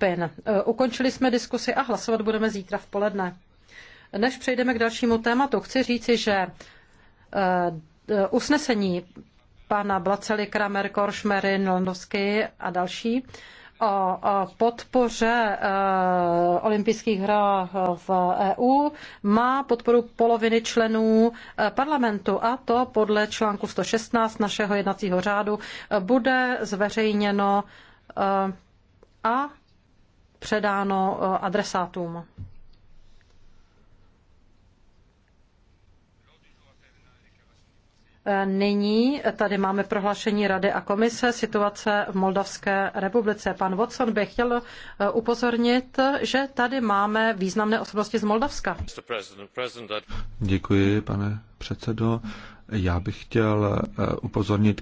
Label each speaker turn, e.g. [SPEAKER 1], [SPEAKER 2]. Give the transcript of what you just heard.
[SPEAKER 1] PIN. E, ukončili jsme diskusi a hlasovat budeme zítra v poledne. Než přejdeme k dalšímu tématu, chci říci, že e, e, usnesení pana Blaceli, Kramer, Koršmerin, Landovsky a další o podpoře olympijských hrách v EU má podporu poloviny členů parlamentu a to podle článku 116 našeho jednacího řádu bude zveřejněno a předáno eh, adresátům. Eh, nyní tady máme prohlášení Rady a komise situace v Moldavské republice. Pan Watson by chtěl eh, upozornit, že tady máme významné osobnosti z Moldavska.
[SPEAKER 2] Děkuji, pane předsedo. Já bych chtěl upozornit